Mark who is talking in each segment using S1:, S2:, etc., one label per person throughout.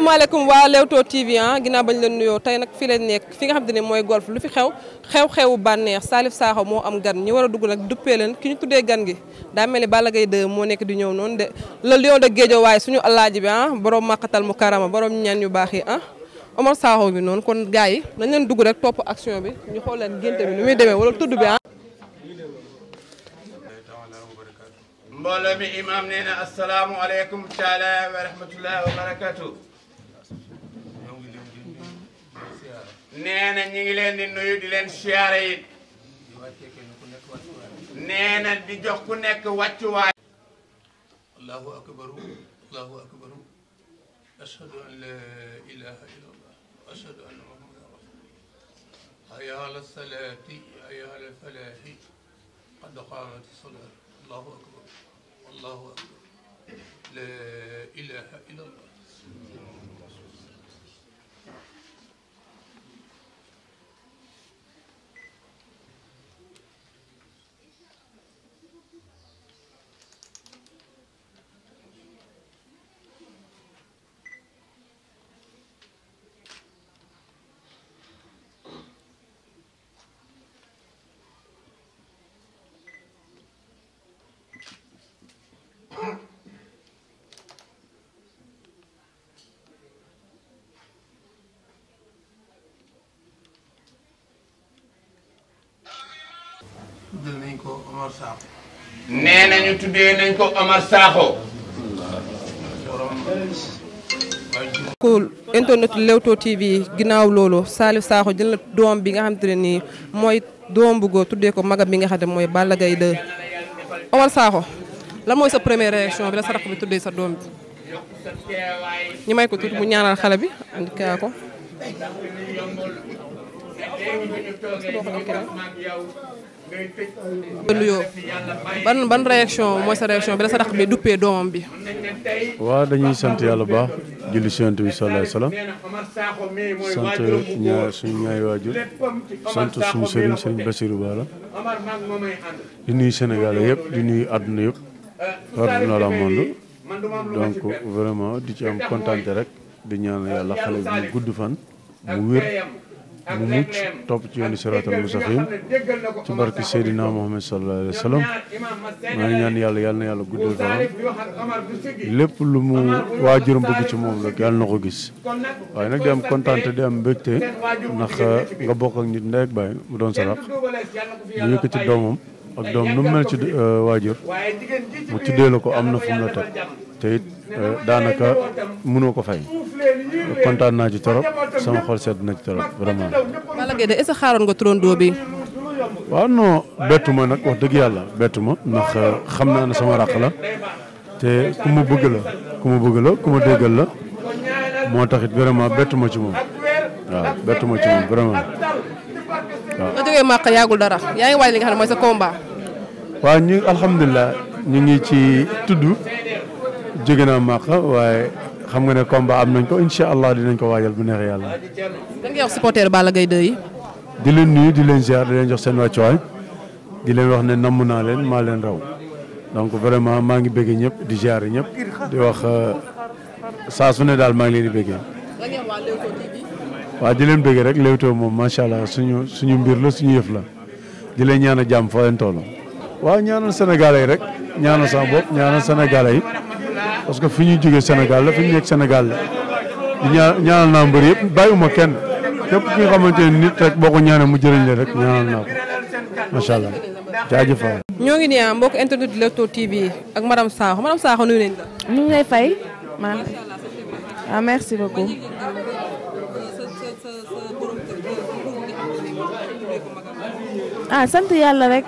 S1: asalaamaaleykum waa Leewtoo TV ah ginnaaw bañ leen nuyoo tey nag fi leen nekk fi nga xam te ne mooy golf lu fi xew xew-xewu bànneex Salif Sakho moo am gan ñi war a dugg nag duppee leen ki ñu tuddee gan gi daa mel ni bala gay 2 moo nekk di ñëw noonu de le lion de Guédiawaye suñu alaaji bi ah borom màqatal mu karama borom ñaan yu baax yi ah Omar Sakho bi noonu kon gaa yi nañ leen dugg rek topp action bi ñu xool leen génte bi nu muy demee wala tudd bi ah.
S2: nee na ñu ngi leen di nuyu di leen siyaare it nee na di jox ku nekk wàccuwaay
S3: allahu akbaru allahu akbaru ashhadu an la ilaha illallah wa ashhadu anna muhammadan rasulullah hayya ala salaati hayya ala falaahi qad qaamat salaat allahu akbar allahu akbar la ilaha illallah Omar Sakho. nee na ñu tuddee nañ ko Omar Sakho.
S1: ko internet Leewtoo TV ginnaaw loolu Salif Sakho jël na doom bi nga xam te ne nii mooy doom bu góor tuddee ko magam bi nga xam ne mooy bala Gaye 2. Omar Sakho lan mooy sa première réaction bi la sa bi tuddee sa doom bi ñu may ko tuuti mu ñaanal xale bi andi ko.
S4: nuyoo ban
S1: ban réaction mooy sa réaction bi da sarax bi duppee doomam bi. waaw dañuy sant yàlla bu baax
S3: julli si yonent bi salaay salaam sant ñaar suñu ñaari waajur sant suñu sëriñ di nuyu Sénégal yëpp di nuy àdduna yëpp àdduna la monde donc vraiment di ci am kontaan rek di ñaan yàlla xale bi mu gudd fan mu wér. mu mucc topp ci yoonu siraatal mustaqim ci barke Seydina Muhammad sallallahu alayhi wa sallam maa ñaan yàlla yàlla na yàlla guddal lépp lu mu waajuram bëgg ci moom rek yàlla na ko gis waaye nag di am kontaan te di ndax nga bokk ak nit ak baay mu doon sa mu
S2: yëkkati doomam ak doom nu mu ci euh, waajur mu tuddee la ko am na fum la teg
S3: te it euh, daanaka mënoo ko fay kontaan naa ci torop sama xol sedd na ci torop vraiment.
S1: Balla Gaye nga turandoo bi.
S3: waaw non nag wax dëgg yàlla bettuma nax euh, xam naa ne sama raq la te ku ma bëgg la ku ma la moo tax it vraiment bettu ma ci moom waaw ma ci moom vraiment waaw.
S1: nga jógee Màkka yaagul dara yaa ngi waaj li nga xam mooy sa combat.
S3: waaw ñu alhamdulilah ngi ci tudd. jóge naa màq waaye xam nga ne combat am nañ ko incha allah dinañ ko waajal bu neexee yàlla.
S1: lan ngay wax supporter Balla Gaye 2 yi.
S3: di leen nuyu di leen ziar di leen jox seen wàccuwaay di leen wax ne namm naa leen maa leen raw donc vraiment maa ngi bëgg ñëpp di ziar ñëpp di wax euh, saa su ne daal maa ngi leen di bëggee. waaw di leen bëggee rek Leewtoo moom macha allah suñu suñu mbir la suñu yëf la di leen ñaan a jàmm fa leen toll. waaw ñaanal sénégalais rek ñaanal sama bopp ñaanal sénégalais yi. parce que fi ñuy jógee Sénégal la fi ñu nekk Sénégal la di ñaanal naa mbër yëpp bàyyiwuma kenn képp ki nga nit rek boo ko ñaanee mu jëriñ la rek ñaanal naa ko macha allah jaajëf waay.
S1: ñoo ngi nii ah, mbokk internet Leewtoo TV ak madame Sakho madame Sakho nuyu nañ la. ñu ngi fay ah, merci beaucoup. ah sant
S5: yàlla rek.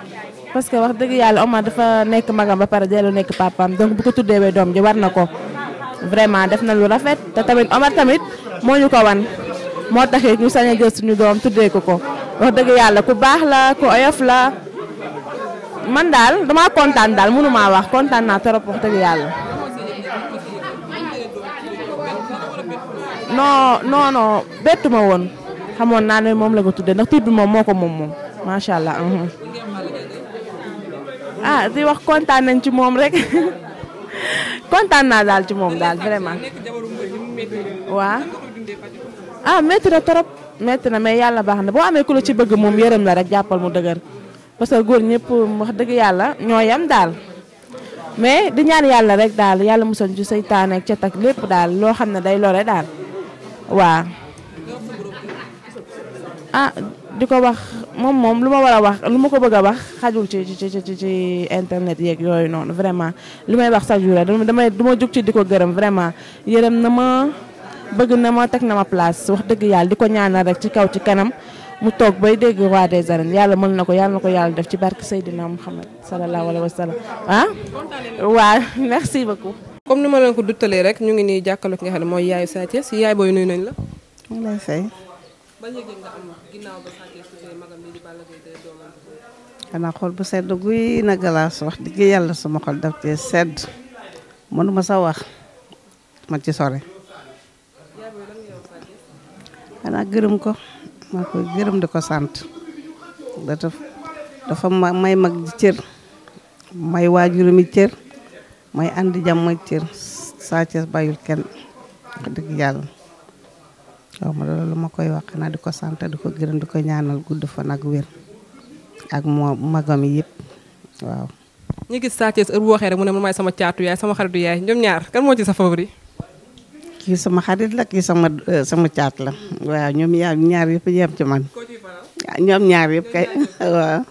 S5: parce que wax dëgg yàlla Omar dafa nekk magam ba pare dellu nekk papaam donc bu ko tuddeewee doom ji war na ko vraiment def na lu rafet te tamit Omar tamit moo ñu ko wan moo taxe ñu sañ a jël suñu doom tuddee ko ko wax dëgg yàlla ku baax la ku oyof la man daal dama kontaan daal mënu maa wax kontaan naa trop wax dëgg yàlla. non non non ma woon xamoon naa ne moom la ko tuddee ndax tur bi moom moo ko moom moom macha allah. Mhm. ah di wax kontaan nañ ci moom rek kontaan naa daal ci moom daal vraiment waa ah métti na trop métti na mais yàlla baax na boo amee ku la ci bëgg moom yërëm la rek jàppal mu dëgër parce que góor mu wax dëgg yàlla ñoo yem daal mais di ñaan yàlla rek daal yàlla musal ci seytaane ak cet ak lépp daal loo xam ne day lore daal waa ah, di ko wax moom moom lu ma war a wax lu ma ko bëgg a wax xajul ci ci ci ci internet yeeg yooyu noonu vraiment li may wax chaque jour damay du ma jug ci di ko gërëm vraiment yërëm na ma bëgg na ma teg na ma place wax dëgg yàlla di ko ñaanal rek ci kaw ci kanam mu toog bay dégg roi des arènes yàlla mën na ko yàlla na ko yàlla def ci barke Seydina Muhammad sallallahu alayhi wa sallam ah.
S1: waaw merci beaucoup. comme ni ma leen ko duttalee rek ñu ngi nii jàkkaarloo nga xam ne mooy yaay Sa Thiès yaay booy nuyu nañ la. ba ba
S5: xanaa xool bu sedd guy na galaas wax dëgg yàlla sama xol daf cee sedd mënuma sa wax ma ci sore. xanaa gërëm ko maa koy gërëm di ko sant dafa dafa may mag di cër may waajurami cër may andi jàmm cër Sa Thiès bàyyul kenn wax yàlla. xaw ma loolu ma koy wax xanaa di ko sant di ko gërëm di ko ñaanal gudd fan ak wér ak moo magam yëpp waaw.
S1: ñu gis Sa Thiès rek mu ne man maay sama caatu yaay sama xaritu yaay ñoom ñaar kan moo ci sa favori.
S5: kii sama xarit euh, sama caat la waaw ñoom ñaar ñaar yëpp yem ci man. Ah, ñoom ñaar yëpp kay waaw.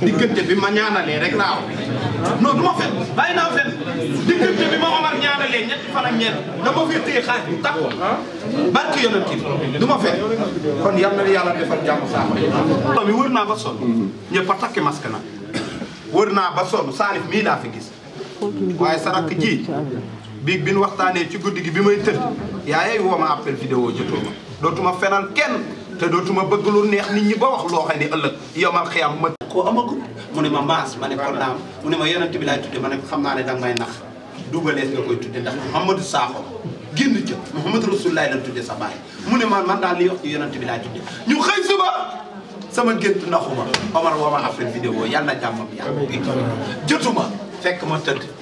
S2: diggante bi ma ñaanalee rek laa non du ma fen bàyyi naa fen diggante bi ma Omar ñaanalee ñetti fan ak ñeent dama fee téye xaalis bu tax barki yonent bi du ma fen kon yal yàlla defal jàmm saako mi wër naa ba sonn ñëpp a takki masque nag wër naa ba sonn Salif mii laa fi gis waaye sarak ji biig bi nu waxtaanee ci guddi gi bi may tëdd yaayay woo ma appel vidéo jotoo dootuma fenal kenn te dootuma bëgg lu neex nit ñi ba wax loo xam ne ëllëg yomal xiyam ma koo amagul mu ne ma maas ma ne ko naam mu ne ma yonent bi laay tudde ma ne xam naa ne danga may nax duubalees nga koy tudde ndax Mouhamadou Sakho génn ca Mouhamadou Rasulullah lañ tudde sa baay mu ne ma man daal li wax bi laay tudde ñu xëy suba sama gént naxuma Omar woo ma affaire vidéo yàlla na jàmmam yàlla jotuma fekk ma tëdd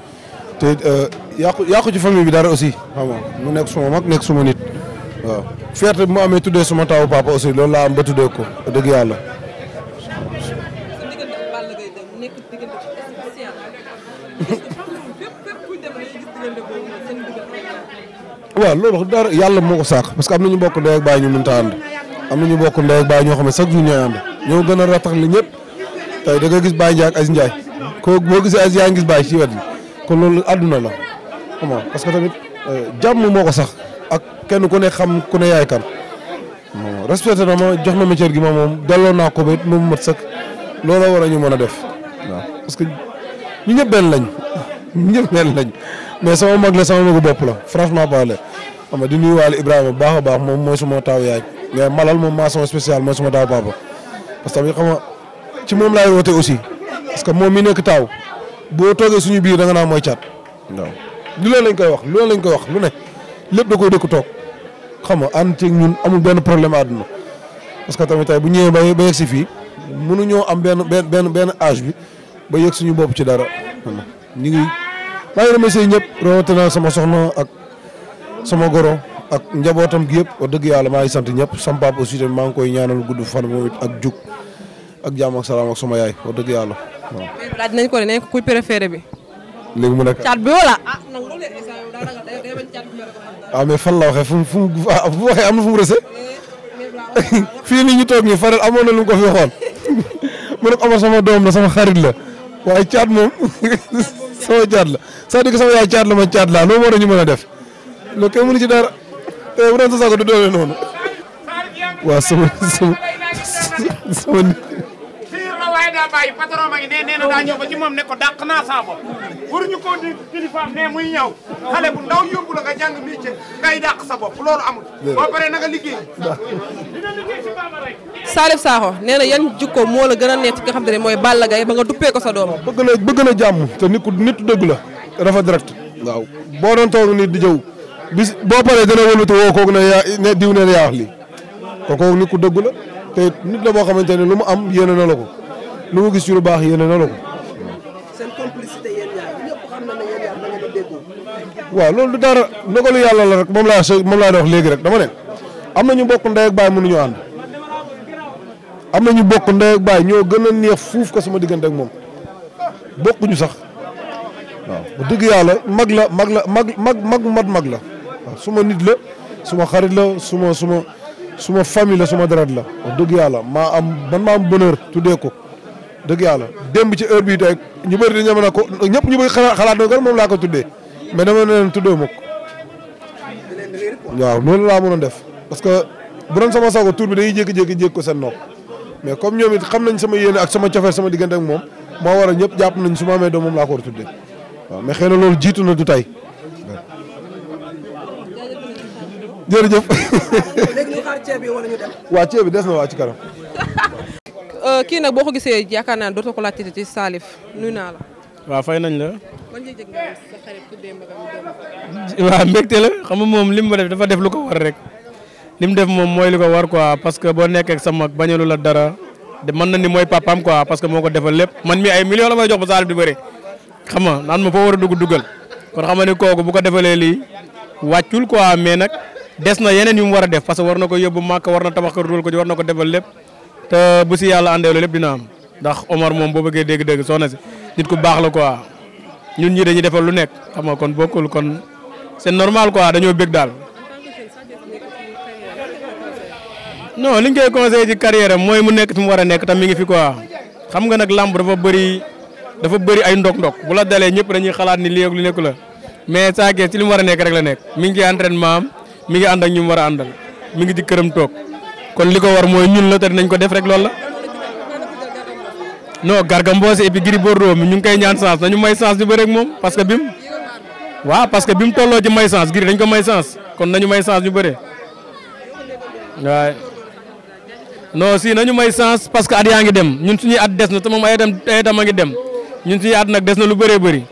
S6: te euh, yàqu yàqu ci famille bi dara aussi xam mu nekk suma mag nekk suma nit waaw fierté bi mu amee tuddee suma taw papa aussi loolu laa am ba tuddee ko dëgg yàlla. waaw loolu dara yàlla moo ko sàq parce que am na ñu bokk ndey ak baay ñu mënta ànd am na ñu bokk ndey ak baay ñoo xam ne chaque jour ñooy ànd ñoo gën a ratax li ñëpp tey da nga gis Baye Ndiaye ak Aziz Ndiaye koo gis gisee Aziz ngi gis Baye ci wet bi kon loolu àdduna la xam parce que tamit euh, jàmm moo ko sax ak kenn ku ne xam ko ne yaay kan respecté na ma jox na ma cër gi ma moom delloo naa ko ba it moom mat sëkk looloo war ñu mën a def waaw parce que ñu ñëpp benn lañ ñëpp benn lañ mais sama mag la sama magu bopp la franchement parler xam nga di nuyuwaale Ibrahima bu baax a baax moom mooy suma taaw yaay mais Malal moom mention spéciale mooy suma taaw papa parce que xam ci moom lay woote aussi parce que moom mi nekk taaw boo toogee suñu biir da nga naan mooy caat waaw lu loolu lañ koy wax lu loolu lañ koy wax lu ne lépp da koy dëkk toog xam nga an ceeg ñun amul benn problème àdduna parce que tamit tay bu ñëwee ba ba si fii mënuñoo am benn benn benn benn âge bi ba yegg suñu bopp ci dara ñu ngi maa ngi remercier ñëpp rawatina sama soxna ak sama goro ak njabootam gi yëpp wax dëgg yàlla maa ngi sant ñëpp sama papa aussi maa ngi koy ñaanal gudd fan moom it ak jug ak jàmm ak salaam ak sama yaay wax dëgg yàlla waaw.
S1: laaj nañ ko ne ko kuy bi.
S6: léegi mu nekk caat bi wala. ah, ah fan la waxe fu mu fu mu ah, am na fu mu rëse eh, fii nii ñu toog nii faral amoon na lu mu ko fi waxoon mu ne Omar sama doom la sama xarit la waaye caat moom sama caat la c'est-à-dire que sama yaay caat la ma caat laa loolu moo ñu mën a def loolu kenn mënu ci dara te eh, bu doon sa saako du doole noonu waaw sama sama
S2: ne daa bàyyi patron ma muy ñaw xale la amul boo paree na nga liggéey
S1: dina liggéey ci Baba rek na yan jikko moo la gën a nekk nga xam te ne mooy Balla Gaye ba nga duppee ko sa doom bëgg na bëgg la jàmm te nit ku dëgg la rafet direct
S6: waaw boo doon toog nit di jaw bis boo paree dana wëlbati woo kooku ne yaa ne diw ne yaa wax lii nit dëgg la te nit la boo xamante ne lu mu am yéene na la ko lu mu gis ci lu baax yéene na la ko. waaw loolu du dara ndogalu yàlla la rek moom laa se moom laa wax léegi rek dama ne am na ñu bokk ndey ak baay mënuñu ànd am na ñu bokk ndey ñoo gën a neex fuuf ko sama diggante ak moom bokkuñu sax waaw bu dëgg yàlla mag la mag mag mag mag mat mag la suma nit la suma xarit la suma suma suma famille la suma darat la wax yàlla maa am man maa am bonheur tuddee ko. dëgg yàlla démb ci heure bii tey ñu bëri dañu mën a ko ñëpp ñu bëri xalaat na ko moom laa ko tuddee mais dama ne leen tuddoo ma ko waaw noonu laa def parce que bu doon sama sago tur bi dañuy jékki-jékki jékki ko seen nopp mais comme ñoom it xam nañ sama yéene ak sama cofeel sama diggante moom moo waral ñëpp jàpp nañ su ma amee doom moom laa ko war a mais xëy na loolu jiitu na du tey jërëjëf.
S1: bi wala
S4: waa ceeb bi des na waa ci kanam.
S1: Euh, kii nag boo ko gisee yaakaar naa dootoo ko laajte ci Salif nuyu naa la. waaw fay nañ la. man nga sa
S4: la xam nga moom li mu def dafa def lu ko war rek. li mu def moom mooy li ko war ko parce que boo nekkee ak sa mag bañalu la dara de na ni mooy papaam quoi parce que moo ko defal lépp man mi ay millions la may jox ba Salif di bëri. xam nga naan ma foo war a dugg duggal kon xam nga ni kooku bu ko defalee lii wàccul quoi mais nag des na yeneen yu mu war a def parce que war na ko yóbbu màkk war na tabax kër dugal ko ci war na ko defal lépp te bu si yàlla àndee la lépp dina am ndax Omar moom boo bëggee dégg-dégg soxna si nit ku baax la quoi ñun ñii dañuy defal lu nekk xam nga kon bokkul kon c'est normal quoi dañoo bëgg daal. non ni ñu koy conseillé ci mooy mu nekk fi mu war a nekk tam mi ngi fi quoi xam nga nag làmb dafa bari dafa bëri ay ndok-ndok bu la dalee ñëpp dañuy xalaat ni lii ak lu nekk la mais saa kee lu mu war a nekk rek la nekk mi ngi ci am mi ngi ànd ak ñu mu war a àndal mi ngi ci këram toog. kon li ko war mooy ñun la te nañ ko def rek loolu la non Garga Mbossé et puis Gris Bordeaux mi ñu ngi koy ñaan chance nañu may chance di bëre ak moom parce que bim waaw parce que bim tolloo ci may chance Gris dañ ko may chance kon nañu may chance ñu bëre waaye non si nañu may chance parce que at yaa ngi dem ñun suñuy at des na te moom ay itam ay itam a ngi dem ñun suñuy at nag des na lu bëree bëri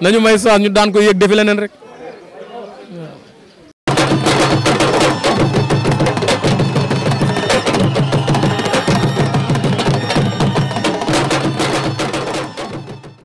S4: nañu may chance ñu daan ko yëg defi leneen rek.